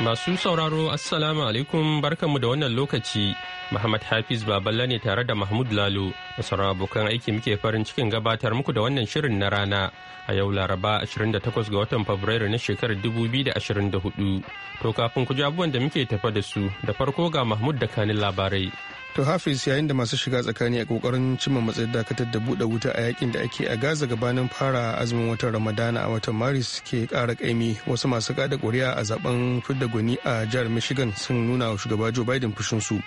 Masu sauraro Assalamu alaikum barkanmu da wannan lokaci. Muhammad Hafiz Baballa ne tare da Mahmud Lalo da sauran abokan aiki muke farin cikin gabatar muku da wannan shirin na rana a yau Laraba 28 ga watan Fabrairu na shekarar 2024. To kafin ku ji abubuwan da muke tafa da su da farko ga Mahmud da kanin labarai. To Hafiz yayin da masu shiga tsakani a kokarin cimma matsayin dakatar da buɗe wuta a yakin da ake a Gaza gabanin fara azumin watan Ramadana a watan Maris ke kara kaimi wasu masu kada kuri'a a zaben fidda gwani a jihar Michigan sun nuna wa shugaba Joe Biden fushinsu.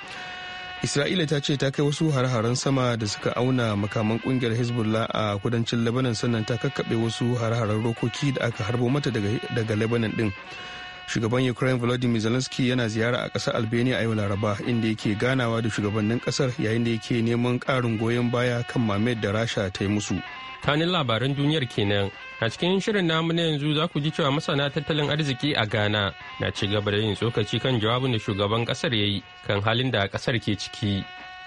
Isra'ila ta ce ta kai wasu har-haren sama da suka auna makaman kungiyar Hezbollah a kudancin Lebanon sannan ta kakkaɓe wasu har-haren rokoki da aka harbo mata daga Lebanon din. shugaban ukraine volodymyr zelensky yana ziyara a ƙasar albania a yau laraba inda yake ganawa da shugabannin ƙasar yayin da yake neman ƙarin goyon baya kan mamed da rasha ta yi musu kanin labaran duniyar kenan a cikin shirin namu na yanzu za ku ji cewa masana tattalin arziki a ghana na ci gaba da yin tsokaci kan jawabin da shugaban ƙasar ya yi kan halin da ƙasar ke ciki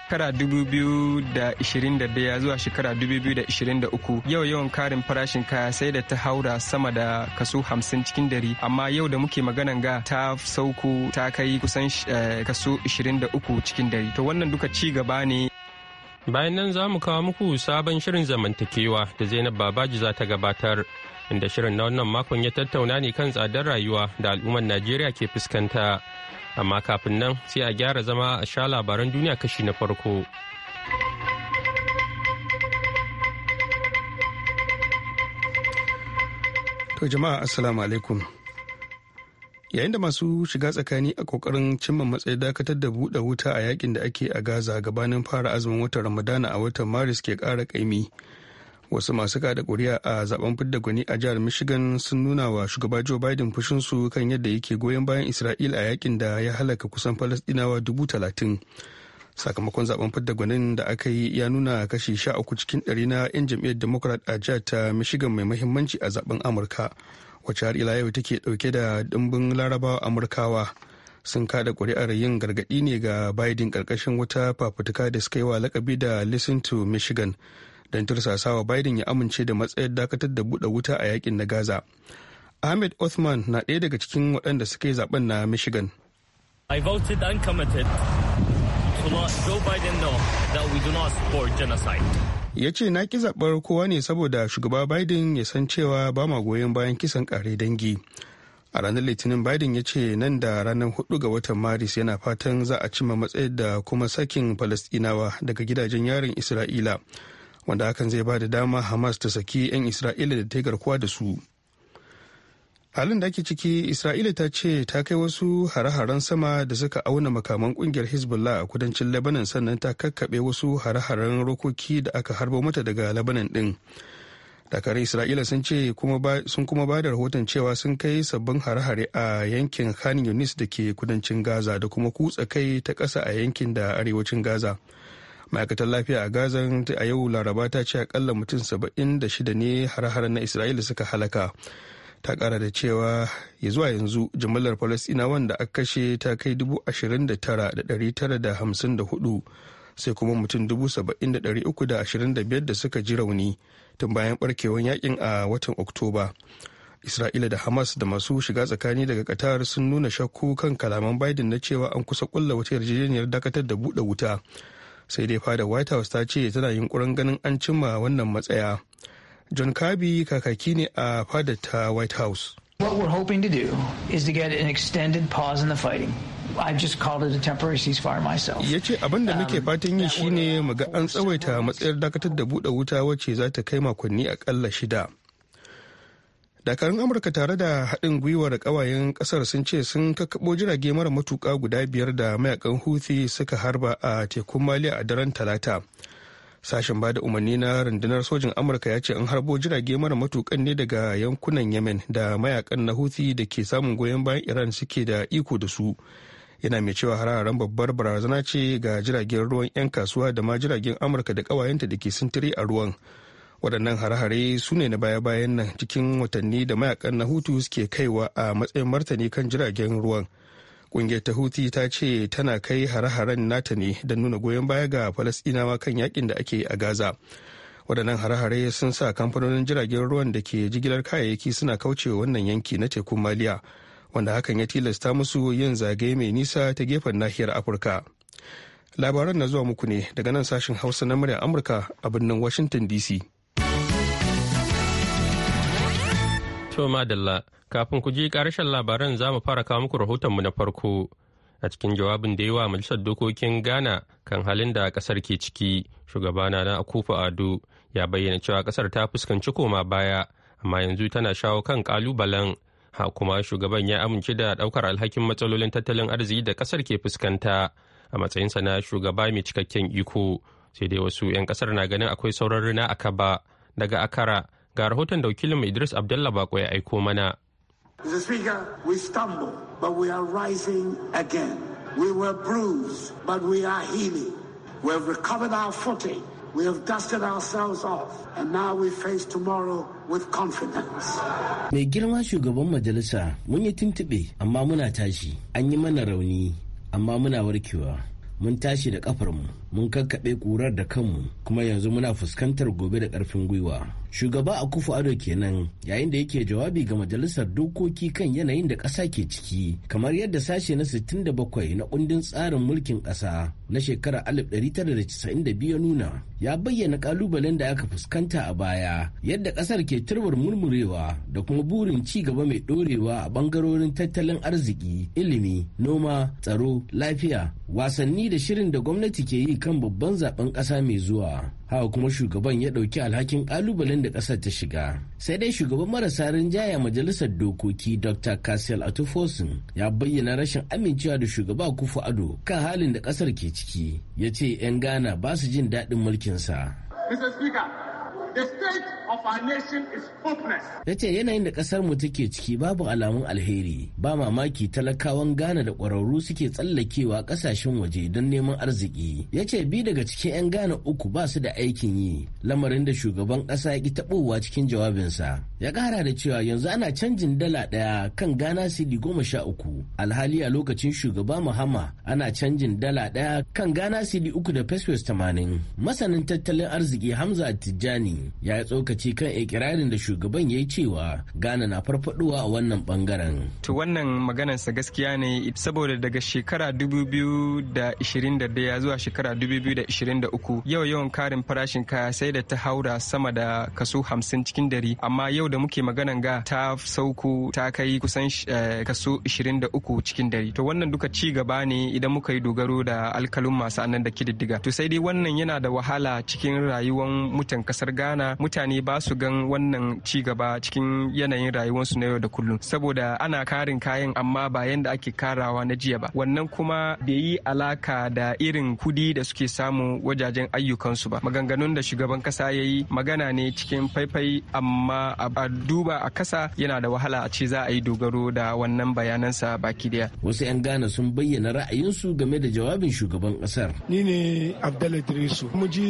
shekara 2021 zuwa shekara 2023 yau yawan karin farashin kaya sai da ta haura sama da kaso 50 cikin dari amma yau da muke maganan ga ta sauko ta kai kusan eh, kaso 23 cikin dari to wannan duka ci gaba ne bayan nan za mu kawo muku sabon shirin zamantakewa da zainab babaji za ta gabatar inda shirin na wannan makon ya tattauna ne kan tsadar rayuwa da al'ummar najeriya ke fuskanta amma kafin nan sai a gyara zama a sha labaran duniya kashi na farko. To jama'a assalamu alaikum. Yayin da masu shiga tsakani a kokarin cimma matsayi dakatar da buɗe wuta a yakin da ake a Gaza gabanin fara azumin watan Ramadana a watan Maris ke ƙara ƙaimi. wasu masu kada kuri'a a zaben fidda gwani a jihar michigan sun nuna wa shugaba joe biden su kan yadda yake goyon bayan isra'ila a yakin da ya halaka kusan falasdinawa dubu talatin sakamakon zaben fidda gwanin da aka yi ya nuna kashi sha uku cikin ɗari na 'yan jam'iyyar democrat a jihar ta michigan mai mahimmanci a zaben amurka wacce har ila yau take ɗauke da dimbin larabawa amurkawa sun kada kuri'ar yin gargadi ne ga biden karkashin wata fafutuka da suka yi wa lakabi da listen to michigan don tursasawa biden ya amince da matsayar dakatar da buɗe wuta a yakin na gaza ahmed othman na ɗaya daga cikin waɗanda suka yi zaben na michigan I voted and to let Joe Biden know that we do not support genocide. ya ce na ki zaɓar kowa ne saboda shugaba biden ya san cewa ba ma goyon bayan kisan kare dangi a ranar litinin biden ya ce nan da ranar hudu ga watan maris yana fatan za a cima matsayin da kuma sakin palestinawa daga gidajen yarin isra'ila wanda hakan zai ba da dama hamas ta saki 'yan isra'ila da ta garkuwa da su halin da ake ciki isra'ila ta ce ta kai wasu hare-haren sama da suka auna makaman kungiyar hezbollah a kudancin lebanon sannan ta kakkaɓe wasu hare-haren rokoki da aka harbo mata daga labanan din dakarai isra'ila sun ce sun kuma ba da rahoton cewa sun kai sabbin hare-hare a yankin khan yunis da ke kudancin gaza da kuma kutsa kai ta ƙasa a yankin da arewacin gaza ma'aikatar lafiya a gaza a yau laraba ta ce akalla mutum 76 ne har-haren na isra'ila suka halaka ta kara da cewa ya zuwa yanzu jimillar falasina wanda aka kashe ta kai 29,954 sai kuma mutum 70,325 da suka ji rauni tun bayan barkewar yakin a watan oktoba isra'ila da hamas da masu shiga tsakani daga qatar sun nuna shakku kan kalaman biden na cewa an kusa kulla wata yarjejeniyar dakatar da buɗe wuta sai dai fada white house ta ce tana yunkurin ganin an cimma wannan matsaya john kirby kakaki ne a fada ta white house What we're hoping to do is to get an extended pause in the fighting. I've just called it a temporary ceasefire myself. Ya ce abin da muke um, fatan yi shine mu ga an tsawaita matsayar dakatar da buɗe wuta wacce za ta kai makonni akalla shida. dakarun amurka tare da haɗin gwiwar ƙawayen ƙasar sun ce sun kakkaɓo jirage mara matuka guda biyar da mayakan huthi suka harba a tekun mali a daren talata sashen bada umarni na rundunar sojin amurka ya ce an harbo jirage mara matukan ne daga yankunan yemen da mayakan na huthi da ke samun goyon bayan iran suke da iko da su yana mai cewa hararen babbar barazana ce ga jiragen ruwan 'yan kasuwa da ma jiragen amurka da ƙawayenta da ke sintiri a ruwan waɗannan hare-hare su ne na baya-bayan nan cikin watanni da mayakan na hutu suke kaiwa a matsayin martani kan jiragen ruwan ƙungiyar ta huti ta ce tana kai hare-haren nata ne don nuna goyon baya ga falasɗinawa kan yakin da ake a gaza waɗannan hare-hare sun sa kamfanonin jiragen ruwan da ke jigilar kayayyaki suna kauce wannan yanki na tekun maliya wanda hakan ya tilasta musu yin zagaye mai nisa ta gefen nahiyar afirka labaran na zuwa muku ne daga nan sashen hausa na murya amurka a birnin washington dc To madalla kafin ku ji karshen labaran za mu fara kawo muku rahotonmu na farko. A cikin jawabin da yawa majalisar dokokin Ghana kan halin da kasar ke ciki, shugabana na Akufo Ado ya bayyana cewa ƙasar ta fuskanci koma baya, amma yanzu tana shawo kan ƙalubalen Ha kuma shugaban ya amince da ɗaukar alhakin matsalolin tattalin arziki da ƙasar ke fuskanta a matsayinsa na shugaba mai cikakken iko. Sai dai wasu 'yan ƙasar na ganin akwai sauran rina a kaba daga akara Ga rahoton da wakilin Idris Abdallah Bako ya aiko mana. The speaker, we stumble, rising again. We were bruised, but we are healing. We have recovered our footing. We have dusted ourselves off, and now we face tomorrow with confidence. Mai girma shugaban majalisa mun yi tuntube amma muna tashi, an yi mana rauni amma muna warkewa. Mun tashi da ƙafarmu, mun kakkaɓe ƙurar da kanmu, kuma yanzu muna fuskantar gobe da ƙarfin gwiwa. shugaba a kufu ado kenan yayin da yake jawabi ga majalisar dokoki kan yanayin da ƙasa ke ciki kamar yadda sashe na 67 na kundin tsarin mulkin ƙasa na shekarar 1992 ya nuna ya bayyana kalubalen da aka fuskanta a baya yadda ƙasar ke turbar murmurewa da kuma burin ci gaba mai ɗorewa a bangarorin tattalin arziki ilimi noma tsaro lafiya wasanni da shirin da gwamnati ke yi kan babban zaben ƙasa mai zuwa haka kuma shugaban ya ɗauki alhakin ƙalubalen da ƙasar ta shiga sai dai shugaban marasa rinjaya majalisar dokoki dr kasel atufosin ya bayyana rashin amincewa da shugaba kufu ado kan halin da ƙasar ke ciki ya ce 'yan ghana ba su jin daɗin mulkinsa The state of our nation is hopeless. Ya ce yanayin da kasar mu take ciki babu alamun alheri. Ba mamaki talakawan Ghana da ƙwararru suke tsallakewa ƙasashen waje don neman arziki. Ya ce bi daga cikin 'yan Ghana uku ba su da aikin yi. Lamarin da shugaban ƙasa ya ki taɓowa cikin jawabinsa. Ya ƙara da cewa yanzu ana canjin dala ɗaya kan Ghana sidi goma sha uku. Alhali a lokacin shugaba Mahama ana canjin dala ɗaya kan Ghana sidi uku da pesos tamanin. Masanin tattalin arziki Hamza Tijjani ya yi tsokaci kan ikirarin da shugaban ya yi cewa gana na farfaduwa a wannan bangaren. To wannan maganarsa gaskiya ne saboda daga shekara 2021 zuwa shekara 2023 yau yawan karin farashin kaya sai da ta haura sama da kaso 50 cikin dari amma yau da muke maganan ga ta sauko ta kai kusan eh, kaso 23 cikin dari. To wannan duka ci gaba ne idan muka yi dogaro da alkalin masu annan da kididdiga. To sai dai wannan yana da wahala cikin rayuwar mutan kasar Ghana kana mutane ba su gan wannan ci gaba cikin yanayin rayuwarsu na yau da kullum saboda ana karin kayan amma ba yanda ake karawa na jiya ba wannan kuma bai yi alaka da irin kudi da suke samu wajajen ayyukansu ba maganganun da shugaban kasa ya yi magana ne cikin faifai amma a duba a kasa yana da wahala a ce za a yi dogaro da wannan bayanansa baki daya wasu 'yan gana sun bayyana ra'ayinsu game da jawabin shugaban kasar ni ne abdallah mu ji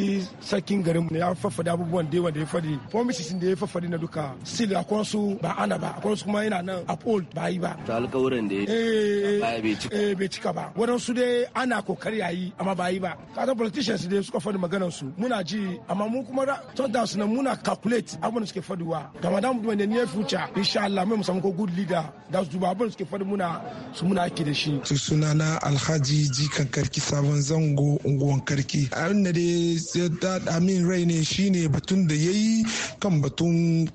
sakin garin ya faffada abubuwan abubuwan da ya fadi promises da ya fadi na duka still akwai su ba ana ba akwai su kuma yana nan uphold ba yi ba ta alƙawarin da ya eh, eh, bai cika ba su dai ana kokari yayi amma ba yi ba kaga politicians dai suka fadi maganar su muna ji amma mu kuma sometimes na muna calculate abin da suke faduwa ga madam duwan da near future insha Allah mai musamman ko good leader da su ba abin da suke fadi muna su muna ake da shi su na Alhaji Jikan Karki Sabon Zango Unguwan Karki a yanda dai ya dada rai ne shine batun rubutun da ya yi kan batun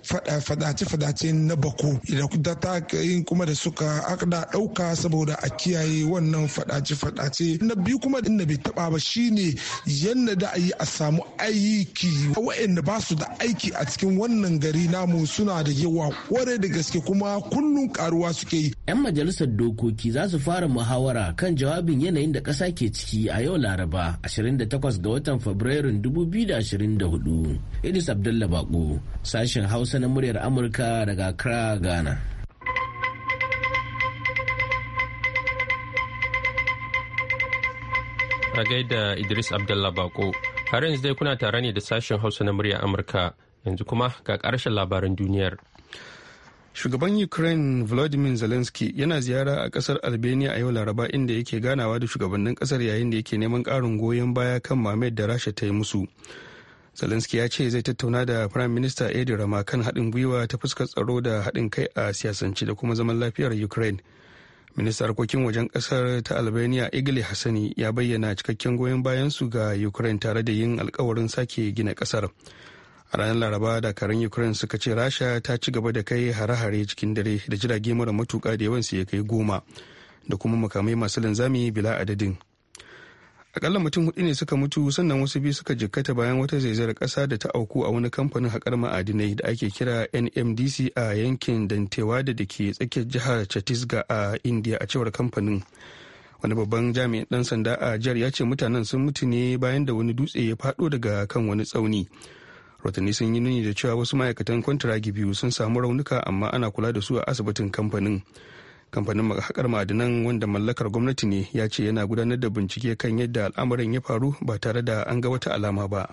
fadace-fadace na bako da ta kuma da suka akada ɗauka saboda a kiyaye wannan fadace-fadace na biyu kuma da bai taba ba shine yadda da a yi a samu aiki waɗanda ba su da aiki a cikin wannan gari namu suna da yawa kwarai da gaske kuma kullum karuwa suke yi yan majalisar dokoki za su fara muhawara kan jawabin yanayin da ƙasa ke ciki a yau laraba 28 ga watan fabrairun 2024 Idris Abdullah Bako, sashen Hausa na muryar Amurka daga Accra, Ghana. A gaida Idris Abdullah Bako, har yanzu dai kuna tare ne da sashen Hausa na muryar Amurka, yanzu kuma ga ƙarshen labaran duniyar. Shugaban Ukraine Volodymyr Zelensky yana ziyara a kasar Albania a yau Laraba inda yake ganawa da shugabannin kasar yayin da yake neman ƙarin goyon baya kan mamayar da Rasha ta yi musu. zelensky ya ce zai tattauna da prime minister edi rama kan haɗin gwiwa ta fuskar tsaro da haɗin kai a siyasance da kuma zaman lafiyar ukraine minista harkokin wajen ƙasar ta albania igli hassani ya bayyana cikakken goyon bayan su ga ukraine tare da yin alkawarin sake gina ƙasar a ranar laraba dakarun ukraine suka ce rasha ta ci gaba da kai hare-hare cikin dare da jirage mara matuka da yawan su ya kai goma da kuma makamai masu linzami bila adadin akalla mutum hudu ne suka mutu sannan wasu biyu suka jikkata bayan wata zaizayar kasa da ta auku a wani kamfanin haƙar ma'adinai da ake kira nmdc a yankin dantewa da ke tsakiyar jihar chattisgarh a india a cewar kamfanin wani babban jami'in dan sanda a jihar ya ce mutanen sun mutu ne bayan da wani dutse ya faɗo daga kan wani tsauni rotanni sun yi nuni da cewa wasu ma'aikatan kwantiragi biyu sun samu raunuka amma ana kula da su a asibitin kamfanin kamfanin haƙar ma'adinan wanda mallakar gwamnati ne ya ce yana gudanar da bincike kan yadda al'amarin ya faru ba tare da an ga wata alama ba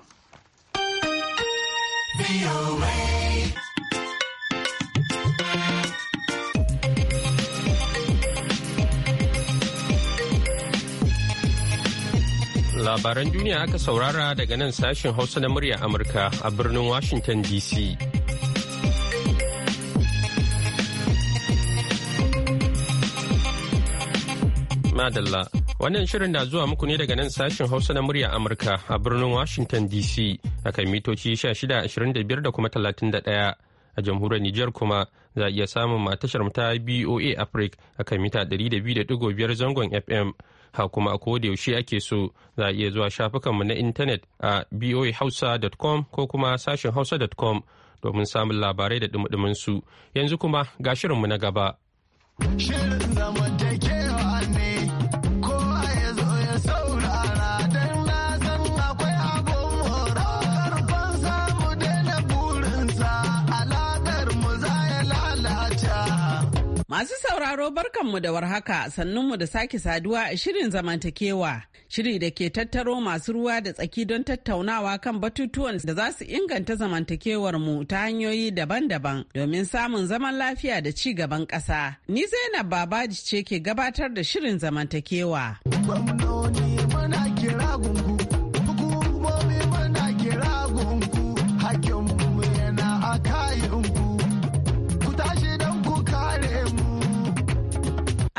labaran duniya aka saurara daga nan sashen hausa na murya amurka a birnin washington dc Madalla. Wannan shirin na zuwa muku ne daga nan sashen Hausa na murya Amurka a birnin Washington DC akan mitoci 1625 da kuma 31. A jamhuriyar Nijar kuma za a iya samun matashar ta BOA Africa a akan mita 200.5 zangon FM. Ha kuma a yaushe ake so za a iya zuwa shafukanmu na intanet a boahausa.com ko kuma sashen hausa.com domin samun labarai da dumudumin su. Yanzu kuma ga shirinmu na gaba. Shirin Masu sauraro barkanmu da warhaka sannunmu da sake saduwa a shirin zamantakewa. Shiri da ke tattaro masu ruwa da tsaki don tattaunawa kan batutuwan da za su inganta zamantakewar mu ta hanyoyi daban-daban domin samun zaman lafiya da ci gaban ƙasa. Ni Zainab Babaji ce ke gabatar da shirin zamantakewa. Gwamnoni mana kira gungu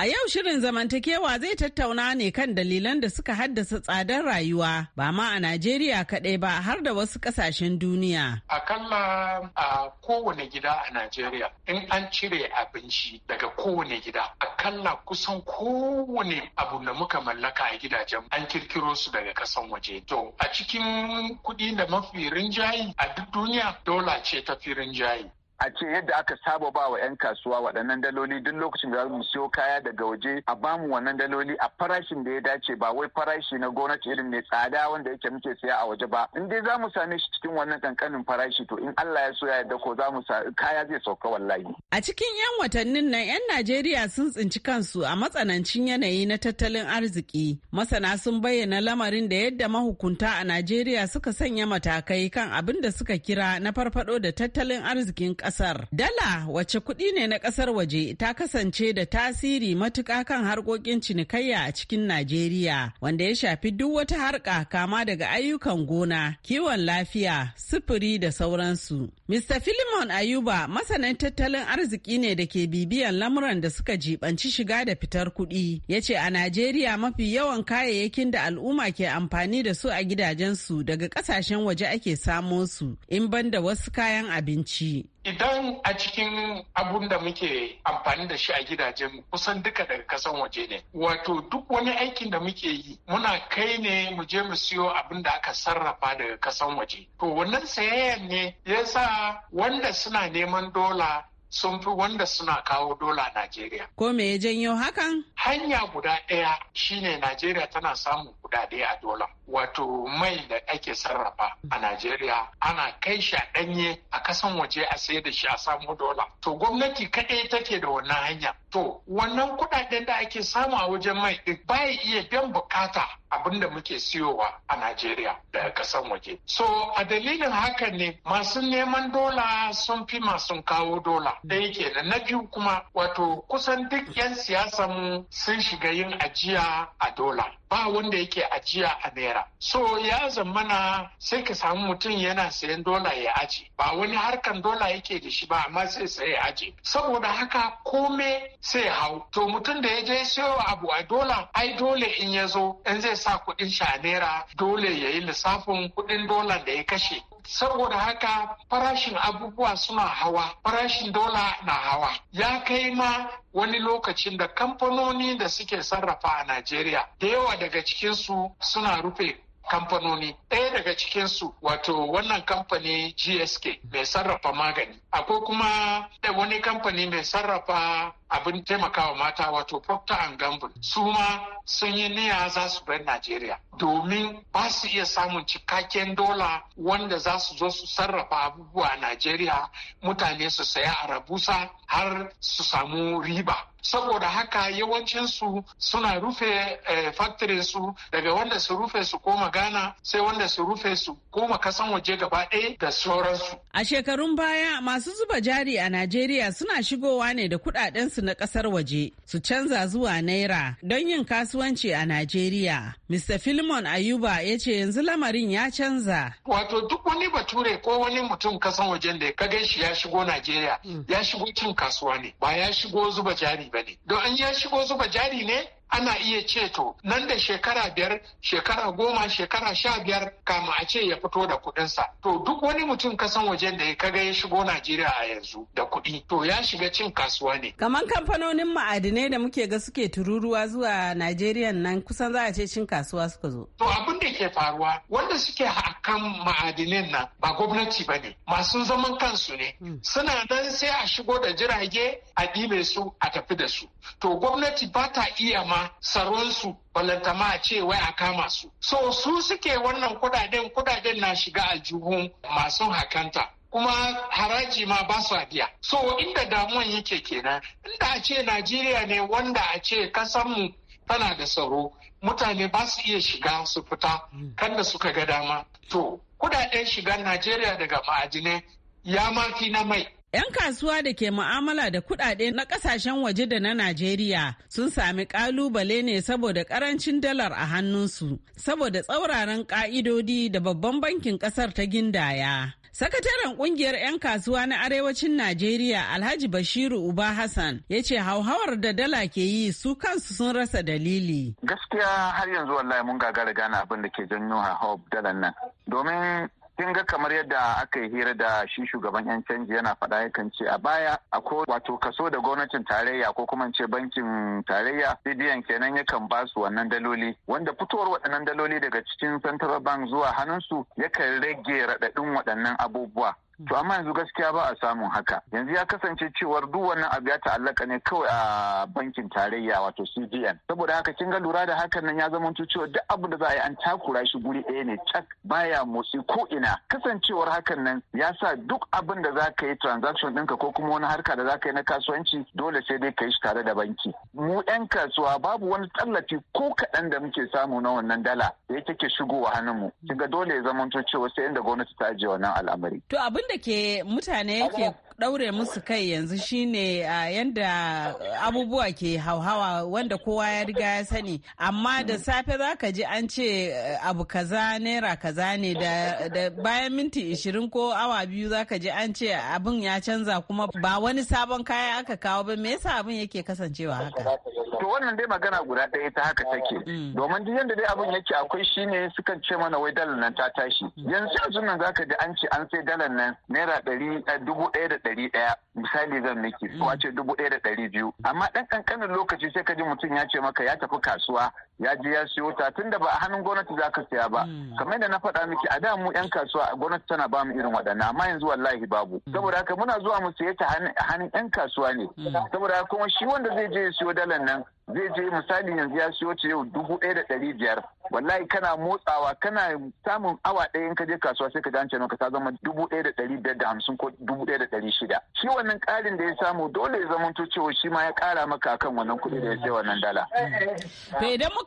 A yau shirin zamantakewa zai tattauna ne kan dalilan da suka haddasa tsadar rayuwa ba ma a Najeriya kaɗai ba har da wasu ƙasashen duniya. Akalla a kowane gida a Najeriya in an cire abinci daga kowane gida akalla kusan kowane abu da muka mallaka a gidajen an kirkiro su daga ƙasan waje. To a cikin kuɗi da mafi rinjayi a duk duniya dola ce ta fi rinjayi. a ce yadda aka saba ba wa 'yan kasuwa waɗannan daloli duk lokacin da mu siyo kaya daga waje a bamu wannan daloli a farashin da ya dace ba wai farashi na gwamnati irin mai tsada wanda yake muke siya a waje ba in dai za mu same shi cikin wannan kankanin farashi to in Allah ya so ya yarda ko za mu kaya zai sauka wallahi a cikin 'yan watannin nan 'yan Najeriya sun tsinci kansu a matsanancin yanayi na tattalin arziki masana sun bayyana lamarin da yadda mahukunta a Najeriya suka sanya matakai kan abin da suka kira na farfado da tattalin arzikin ƙasa kasar. Dala wace kuɗi ne na kasar waje ta kasance da tasiri matuƙa kan harkokin cinikayya a cikin Najeriya wanda ya shafi duk wata harka kama daga ayyukan gona, kiwon lafiya, sufuri da sauransu. Mr. filimon Ayuba masanin tattalin arziki ne da ke bibiyan lamuran da suka jibanci shiga da fitar kuɗi. Ya ce a Najeriya mafi yawan kayayyakin da al'umma ke amfani da su a gidajensu daga kasashen waje ake samo su in ban da wasu kayan abinci. Idan a cikin abun da muke amfani da shi a gidajen kusan duka daga kasan waje ne. Wato duk wani aikin da muke yi muna kai ne mu je mu siyo abin da aka sarrafa daga kasan waje. To wannan sayayyan ne ya sa wanda suna neman dola sun fi wanda suna kawo dola Najeriya. Ko me ya janyo hakan? Hanya guda ɗaya shine Najeriya tana samun kudade a dola. wato mai da ake sarrafa a Najeriya ana kai shi a ɗanye a kasan waje a sayar da shi a samu dola. To gwamnati kaɗai take da wannan hanya. To wannan kuɗaɗen da ake samu a wajen mai ba ya iya biyan bukata abin da muke siyowa a Najeriya da kasan waje. So a dalilin haka ne masu neman dola sun fi masu kawo dola. yake yake na biyu kuma wato kusan duk 'yan siyasan sun shiga yin ajiya a dola. ba wanda yake ajiya a naira so ya zamana sai ka samu mutum yana sayan dola ya aje ba wani harkan dola yake da shi ba amma sai saye ya aje saboda haka kome sai hau to mutum da ya je sayo abu a dola ai dole in ya zo in zai sa kuɗin shi a naira dole ya yi lissafin kuɗin dola da ya kashe saboda haka farashin abubuwa suna hawa farashin dola na hawa ya kai ma wani lokacin da kamfanoni da suke sarrafa a najeriya da yawa daga cikinsu suna rufe kamfanoni ɗaya daga cikinsu wato wannan kamfani gsk mai sarrafa magani akwai kuma wani kamfani mai sarrafa abin taimakawa mata wato Procter and Gamble su ma sun yi niyya za su bar Najeriya domin ba su iya samun cikakken dola wanda za su zo su sarrafa abubuwa a Najeriya mutane su saya a rabusa har su samu riba. Saboda haka yawancinsu suna rufe eh, su daga wanda su rufe su koma Ghana sai wanda su rufe su koma kasan waje gaba ɗaya da sauransu. A shekarun baya masu zuba jari a Najeriya suna shigowa ne da kuɗaɗensu su na ƙasar waje su canza zuwa naira don yin kasuwanci a Najeriya. Mr. Filimon Ayuba ya ce yanzu lamarin ya canza. Wato duk wani bature ko wani mutum kasan wajen da ka gan shi ya shigo Najeriya hmm. ya shigo cin kasuwa ne ba ya shigo zuba jari ba ne. Don an ya shigo zuba jari ne ana iya ce to nan da shekara biyar shekara goma shekara sha biyar kama a ce ya fito da kuɗinsa to duk wani mutum kasan wajen da ya ga ya shigo najeriya a yanzu da kuɗi to ya shiga cin kasuwa ne kamar kamfanonin ma'adinai da muke ga suke tururuwa zuwa najeriya nan kusan za a ce cin kasuwa suka zo to abin da ke faruwa wanda suke hakan ma'adinan nan ba gwamnati ba ne masu zaman kansu ne hmm. suna nan sai a shigo da jirage a ɗibe su a tafi da su to gwamnati ba ta iya ma tsaronsu balantama a ce wai a kama su. So su suke wannan kudaden kudaden na shiga aljihun masu hakanta. kuma haraji ma ba su biya. So inda damuwan yake kenan, inda a ce Najeriya ne wanda a ce kasanmu tana da tsaro, mutane ba su iya shiga su fita hmm. kan da suka ga dama. To, kudaden shigar Najeriya daga ma'adinai ya mafi na mai. 'Yan kasuwa da ke mu'amala da kuɗaɗe na ƙasashen waje da na Najeriya sun sami ƙalubale ne saboda ƙarancin dalar a hannunsu, saboda tsauraran ƙa'idodi da babban bankin ƙasar ta gindaya. Sakataren ƙungiyar 'yan kasuwa na arewacin Najeriya Alhaji Bashiru Uba Hassan ya ce hauhawar da dala ke yi su kansu sun rasa dalili. Gaskiya har yanzu wallahi mun gagara gane abin da ke janyo hauhawar dalar nan. Domin kin ga kamar yadda aka yi hira da shi shugaban yan canji yana faɗa yakan ce a baya akwai wato kaso da gwamnatin tarayya ko kuma ce bankin tarayya bidiyan kenan yakan ba su wannan daloli wanda fitowar waɗannan daloli daga cikin central bank zuwa hannunsu yakan rage raɗaɗin waɗannan abubuwa to amma yanzu gaskiya ba a samun haka yanzu ya kasance cewar duk wannan abu ya ta'allaka ne kawai a bankin tarayya wato C.D.N. saboda haka kin ga lura da hakan nan ya zama cewa duk abu da za a yi an takura shi guri ɗaya ne cak baya motsi ko ina kasancewar hakan nan ya sa duk abin da za ka yi transaction ɗinka ko kuma wani harka da za ka yi na kasuwanci dole sai dai ka yi shi tare da banki mu 'yan kasuwa babu wani tallafi ko kaɗan da muke samu na wannan dala da ya take shigowa hannunmu kin ga dole ya zama cewa sai inda gwamnati ta ajiye wannan al'amari to abin da ke mutane ke ɗaure musu kai yanzu shine a yanda abubuwa ke hauhawa wanda kowa ya riga ya sani amma da safe za ka ji an ce eh, abu kaza naira kaza ne da bayan minti ishirin ko awa biyu za ka ji an ce abin ya canza kuma ba wani sabon kaya aka kawo ba me yasa abin yake kasancewa haka to wannan dai magana guda ɗaya ta haka take mm. domin duk yanda dai abin yake akwai shine sukan ce mana wai dalar nan ta tashi mm. yanzu yanzu nan ka ji an ce an sai dalar nan naira ɗari eh, dubu ɗaya da ɗari ɗaya misali zan miki mm. wace dubu ɗaya da ɗari biyu amma ɗan ƙanƙanin lokaci sai ka ji mutum ya ce maka ya tafi kasuwa ya je ya siyo ta tunda ba a hannun gwamnati za ka siya ba hmm. kamar yadda na faɗa miki a da mu yan kasuwa gwamnati tana ba mu irin waɗannan amma yanzu wallahi babu hmm. saboda haka muna zuwa mu siye ta hannun yan kasuwa ne hmm. saboda haka kuma shi wanda zai je ya siyo dalan nan zai je misali yanzu ya siyo ce yau dubu ɗaya da ɗari biyar wallahi kana motsawa kana samun awa ɗaya in ka je kasuwa sai ka gance maka ta zama dubu ɗaya da ɗari biyar da hamsin ko dubu ɗaya da ɗari shida shi wannan ƙarin da ya samu dole ya zama to cewa shi ma ya ƙara maka kan wannan kuɗi da ya sai wannan dala.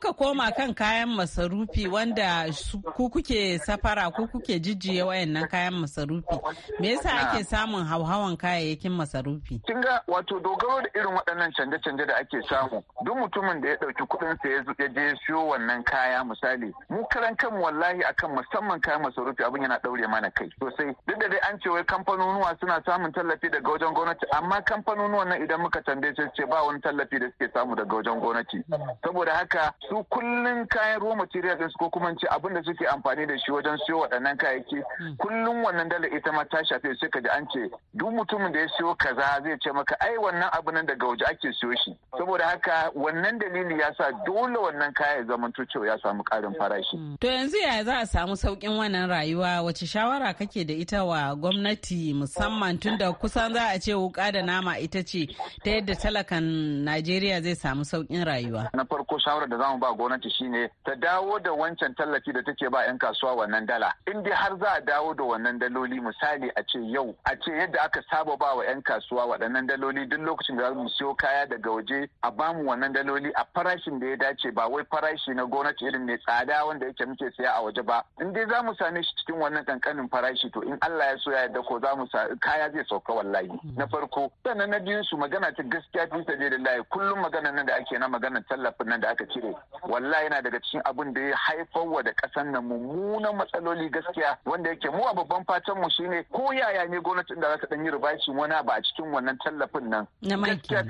kuka koma kan kayan masarufi wanda ku kuke safara ku kuke jijjiye wayannan kayan masarufi me yasa ake samun hauhawan kayayyakin masarufi kin ga wato dogaro da irin waɗannan canje-canje da ake samu duk mutumin da ya ɗauki kuɗin sa ya je siyo wannan kaya misali mu karan kan wallahi akan musamman kayan masarufi abin yana ɗaure mana kai sosai duk da dai an ce wai kamfanonuwa suna samun tallafi daga wajen gwamnati amma kamfanonuwan nan idan muka tambaye su ce ba wani tallafi da suke samu daga wajen gwamnati saboda haka su kullun kayan raw material din su ko kuma ce abin da suke amfani da shi wajen siyo waɗannan kayayyaki hmm. kullun wannan dala ita ma ta shafe sai ka ji an ce duk mutumin da ya siyo kaza zai ce maka ai wannan abu nan daga waje ake siyo shi saboda haka wannan dalili ya sa dole wannan kaya ya zama cewa ya samu ƙarin farashi. Hmm. To yanzu ya za a samu sauƙin wannan rayuwa wace shawara kake da ita wa gwamnati musamman tun da kusan za a ce wuka da nama ita ce ta yadda talakan Najeriya zai samu sauƙin rayuwa. Na farko shawara da zamu ba gwamnati shine ta dawo da wancan tallafi da take ba 'yan kasuwa wannan dala in dai har za a dawo da wannan daloli misali a ce yau a ce yadda aka saba ba wa 'yan kasuwa waɗannan daloli duk lokacin da za mu siyo kaya daga waje a bamu wannan daloli a farashin da ya dace ba wai farashi na gwamnati irin mai tsada wanda yake muke siya a waje ba in dai za mu same shi cikin wannan kankanin farashi to in Allah ya so ya yarda ko za mu kaya zai sauka wallahi hmm. na farko sannan na biyun su magana ta gaskiya fi sabi da layi kullum magana nan da ake na magana tallafin nan da aka cire wallahi yana daga cikin abin da ya haifar wa da kasan nan mummunan matsaloli gaskiya wanda yake mu a babban fatan mu shine ko yaya ne gwamnatin da za ta danyi yi wani ba a cikin wannan tallafin nan gaskiya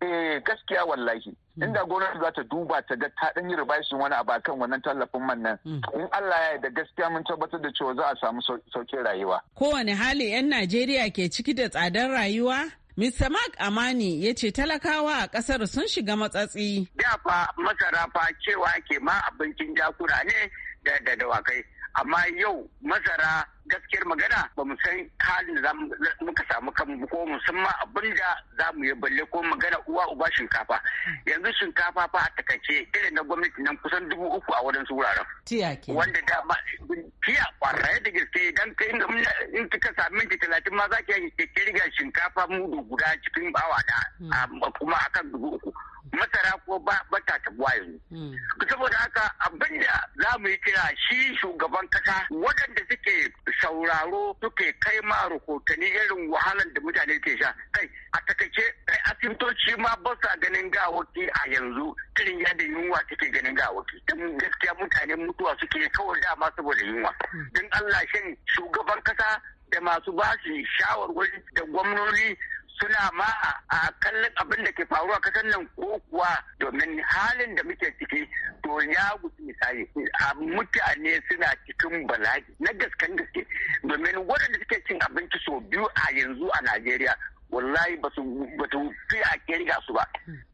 eh, gaskiya wallahi hmm. inda gwamnati za ta duba ta ga ta danyi yi wani abu kan wannan tallafin man nan hmm. in Allah ya da gaskiya mun tabbatar da cewa za a samu sauƙin rayuwa kowane hali 'yan Najeriya ke ciki da tsadar rayuwa Mr. Mark Amani ya ce talakawa a kasar sun shiga matsatsi. Da fa masara fa cewa ke ma abincin jakura ne da dawakai. Amma yau masara gaskiyar magana ba mu san halin da muka samu kanmu ko musamman abin da za mu yi balle ko magana uwa uba shinkafa yanzu shinkafa fa a takaice irin na gwamnati nan kusan dubu uku a wadansu wuraren tiya ke wanda da ma tiya kwarai da gaske dan kai in kika sami minti talatin ma za ki kirga shinkafa mudu guda cikin bawa da hmm. kuma akan dubu uku masara ko ba ta tabuwa yanzu. Hmm. Saboda haka abinda za mu yi kira shi shugaban kasa waɗanda suke sauraro suke kai ma rahotanni irin wahalar da mutane ke sha kai a takaice kai asibitoci ma ba sa ganin gawaki a yanzu irin yadda yunwa take ganin gawaki don gaskiya mutane mutuwa suke kawai dama saboda yunwa don Allah shin shugaban kasa da masu bashi shawarwari da gwamnoni suna ma a kallon abin da ke faruwa kasar nan ko kuwa domin halin da muke ciki to ya guji misali a mutane suna cikin bala'i na gaskan gaske domin waɗanda suke cin abinci sau biyu a yanzu a Najeriya wallahi ba su fi a riga su ba.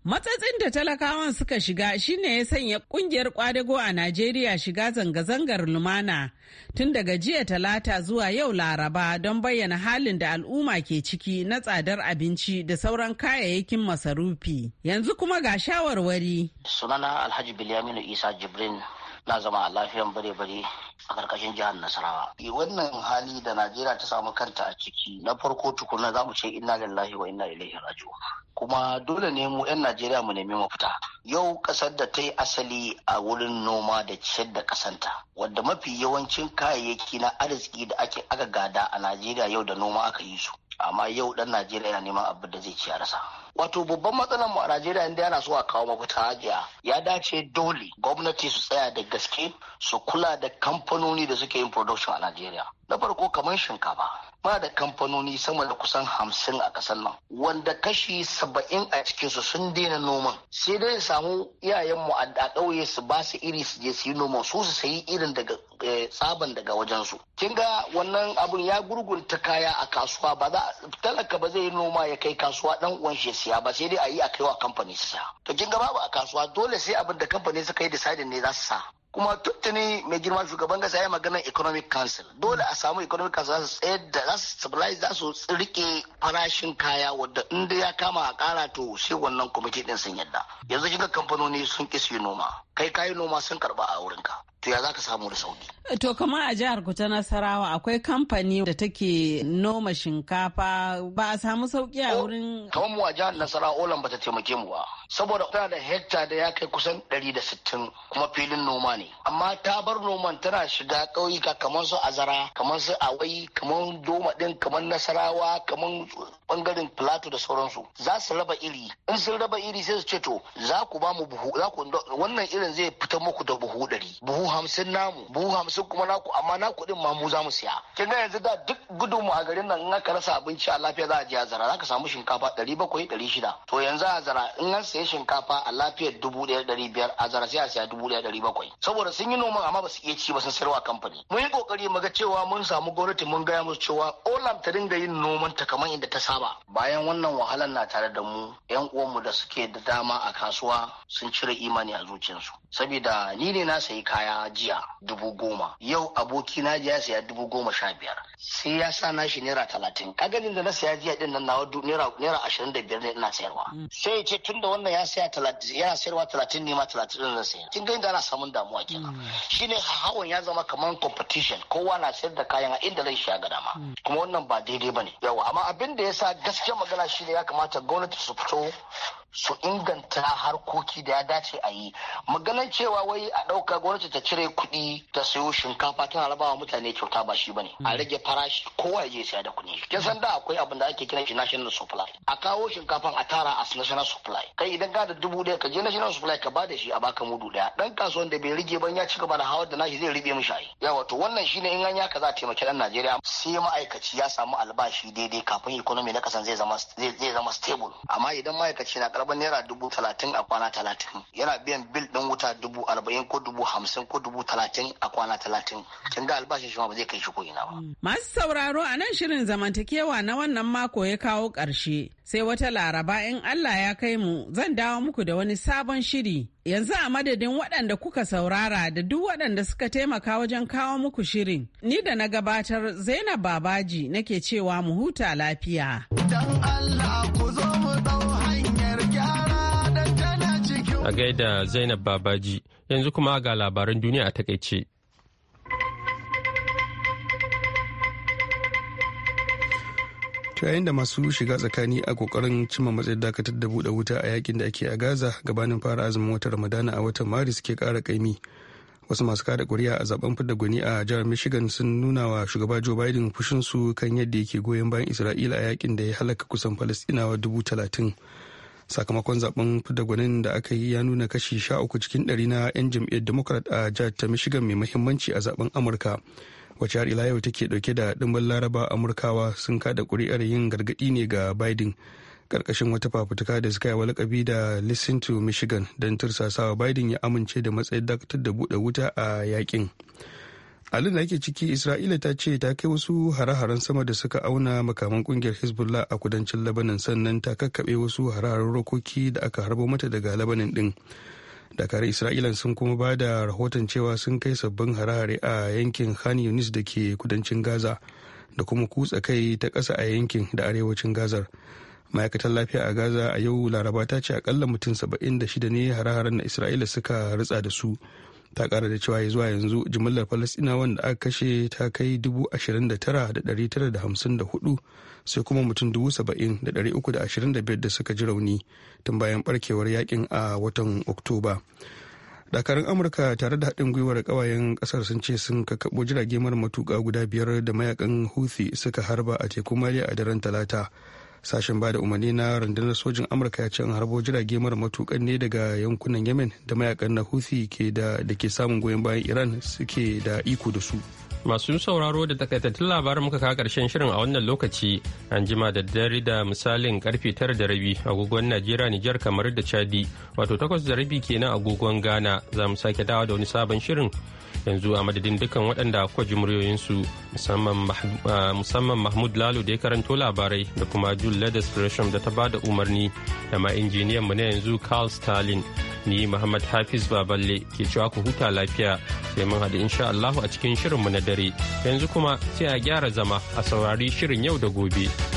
Matsatsin da talakawan suka shiga shine ya sanya kungiyar kwadago a Najeriya shiga zanga-zangar lumana tun daga jiya talata zuwa yau laraba don bayyana halin da al'umma ke ciki na tsadar abinci da sauran kayayyakin masarufi. Yanzu kuma ga shawarwari. Sunana Alhaji Bilyaminu Isa Jibrin na zama a lafiyan bare-bare a karkashin jihar Nasarawa. Eh, wannan hali da Najeriya ta samu kanta a ciki na farko tukuna za mu ce inna lillahi wa inna ilaihi raju. Kuma dole ne mu 'yan Najeriya mu nemi mafita. Yau ƙasar da ta yi asali a wurin noma da ciyar da ƙasanta, wadda mafi yawancin kayayyaki na arziki da ake aka gada a Najeriya yau da noma aka yi su. Amma yau ɗan Najeriya yana neman abin da zai ci a rasa. wato babban matsalar mu a Najeriya inda yana so a kawo mafita hajiya ya dace dole gwamnati su tsaya da gaske su kula da kamfani kamfanoni da suke yin production a Najeriya. Na farko kamar shinkafa, Muna da kamfanoni sama da kusan hamsin a ƙasar nan, wanda kashi saba'in a cikinsu sun daina noman. Sai dai samu iyayenmu a ƙauye su ba su iri su je su yi noman su su sayi irin daga eh, tsaban daga wajensu. Kin ga wannan abun ya gurgunta kaya a kasuwa ba za talaka ba zai yi noma ya kai kasuwa dan uwan shi siya ba sai dai a yi a kaiwa kamfani su sa. To kin ga babu a kasuwa dole sai abin da kamfani suka yi sadin ne za su sa. kuma tuttuni mai girma shugaban kasa ya maganar economic council dole a samu economic council za su tsayar da za su stabilize za su rike farashin kaya wadda inda ya kama a kara to sai wannan kwamiti din sun yadda yanzu shiga kamfanoni sun ki su noma kai kayi noma sun karba a wurinka to ya za ka samu da sauki. To kamar a jihar ku Nasarawa akwai kamfani da take noma shinkafa ba a samu sauki a oh, wurin. Kamar mu a jihar Nasarawa Olam bata taimake mu ba. Saboda tana da hekta da ya kai kusan ɗari da sittin kuma filin noma ne. Amma ta bar noman tana shiga ƙauyuka kamar su Azara, kamar su Awai, kamar Doma ɗin, kamar Nasarawa, kamar bangaren Plateau da sauransu. Za su raba iri. In sun raba iri sai su ce to za ku ba mu buhu, za ku wannan irin zai fita muku da buhu ɗari. Buhu hamsin namu buhu hamsin kuma naku amma na kuɗin ma mu za mu siya kin ga yanzu da duk gudunmu a garin nan in aka rasa abinci a lafiya za a je azara za ka samu shinkafa ɗari bakwai ɗari shida to yanzu azara in an sayi shinkafa a lafiyar dubu ɗaya ɗari biyar azara sai a siya dubu ɗaya ɗari bakwai saboda sun yi noman amma ba su iya ci ba sun sayarwa kamfani mun yi kokari mu ga cewa mun samu gwamnati mun gaya musu cewa olam ta dinga yin noman ta kamar inda ta saba bayan wannan wahalar na tare da mu yan uwanmu da suke da dama a kasuwa sun cire imani a zuciyarsu saboda ni ne na sayi kaya jiya dubu goma yau aboki na ya saya dubu goma sha biyar sai ya sa na shi naira talatin gani da na saya jiya din nan wadu naira ashirin da biyar ne ina sayarwa mm. sai ce tun da wannan ya saya talatin yana sayarwa talatin ne ma talatin din na sayar kin gani da ana samun damuwa kenan mm. shine hawan ya zama kamar competition kowa na sayar da kayan a inda zai shiga dama mm. kuma wannan ba daidai bane yawa amma abin da ya sa gaskiyar magana shine ya kamata gwamnati su fito su inganta ta harkoki da ya dace a yi maganar cewa wai a ɗauka gwamnati ta cire kuɗi ta sayo shinkafa tana raba wa mutane kyauta ba shi bane a hmm. rage farashi kowa ya je saya da kuɗi kin san da akwai abin da ake kira shi national supply a kawo shinkafa a tara a national supply kai idan ka da dubu ɗaya ka je national supply ka bada shi a baka mudu ɗaya dan kasuwan da bai rige ban ya ci gaba da hawar da nashi zai ribe mishi ayi yawa to wannan shine in an yaka za a taimaki dan Najeriya sai ma'aikaci ya samu albashi daidai kafin economy na kasan zai zama zai stable amma idan ma'aikaci na karɓar naira dubu talatin talatin a kwana talatin yana biyan bil ɗin wuta dubu arba'in ko dubu hamsin ko dubu talatin a kwana talatin kin ga albashin shi ma ba zai kai shi ko ina ba. masu sauraro a nan shirin zamantakewa na wannan mako ya kawo ƙarshe sai wata laraba in allah ya kai mu zan dawo muku da wani sabon shiri yanzu a madadin waɗanda kuka saurara da duk waɗanda suka taimaka wajen kawo muku shirin ni da na gabatar zainab babaji nake cewa mu huta lafiya. Dan Allah ku zo mu hanya. a gaida zainab babaji yanzu kuma ga labaran duniya a takaice ta yayin da masu shiga tsakani a kokarin cimma matsayin dakatar da buɗe wuta a yakin da ake a gaza gabanin fara azumin watan ramadana a watan maris ke kara kaimi wasu masu kada kuri'a a zaben fidda gwani a jihar michigan sun nuna wa shugaba joe biden su kan yadda yake goyon bayan isra'ila a yakin da ya halaka kusan falastinawa dubu talatin sakamakon zaben fidda da aka yi ya nuna kashi sha uku cikin ɗari na 'yan jam'iyyar democrat a jihar ta michigan mai muhimmanci a zaben amurka wacce har ila yau take dauke da dimbin laraba amurkawa sun kada kuri'ar yin gargadi ne ga biden karkashin wata fafutuka da suka yi wa lakabi da listen to michigan don tursasawa biden ya amince da matsayin dakatar da buɗe wuta a yakin. halin da ake ciki isra'ila ta ce ta kai wasu hare-haren sama da suka auna makaman kungiyar hezbollah a kudancin labanin sannan ta kakkaɓe wasu hare-haren rokoki da aka harbo mata daga labanin din dakarar isra'ila sun kuma ba da rahoton cewa sun kai sabbin hare-hare a yankin khan yunis da ke kudancin gaza da kuma kutsa kai ta ƙasa a yankin da arewacin gazar ma'aikatar lafiya a gaza a yau laraba ta ce akalla mutum saba'in da shida ne hare-haren na isra'ila suka ritsa da su ta kara da cewa zuwa yanzu jimillar Falasina wanda aka kashe ta kai 29,954 sai kuma mutum 70,325 da suka ji rauni tun bayan barkewar yakin a watan oktoba dakarun amurka tare da haɗin gwiwar ƙawayen ƙasar sun ce sun kakkaɓo jiragen mara matuƙa guda biyar da mayakan houthi suka harba a tekun mali a daren talata sashen bada umarni na rundunar sojin amurka ya ce an harbo jirage mara matukan ne daga yankunan yemen da mayakan na houthi da ke samun goyon bayan iran suke da iko da su masu sauraro da takaitattun labarin muka kawo karshen shirin a wannan lokaci an jima da dare da misalin karfe tara da rabi agogon najeriya nijar kamar da chadi wato takwas da rabi kenan agogon ghana za mu sake dawa da wani sabon shirin yanzu a madadin dukkan waɗanda kuka ji muryoyinsu musamman mahmud lalo da ya karanto labarai da kuma jul ladas gresham da ta ba da umarni da ma injiniyan mu na yanzu carl stalin ni muhammad hafiz baballe ke cewa ku huta lafiya sai mun haɗu insha allahu a cikin shirinmu na dare yanzu kuma sai a gyara zama a saurari shirin yau da gobe.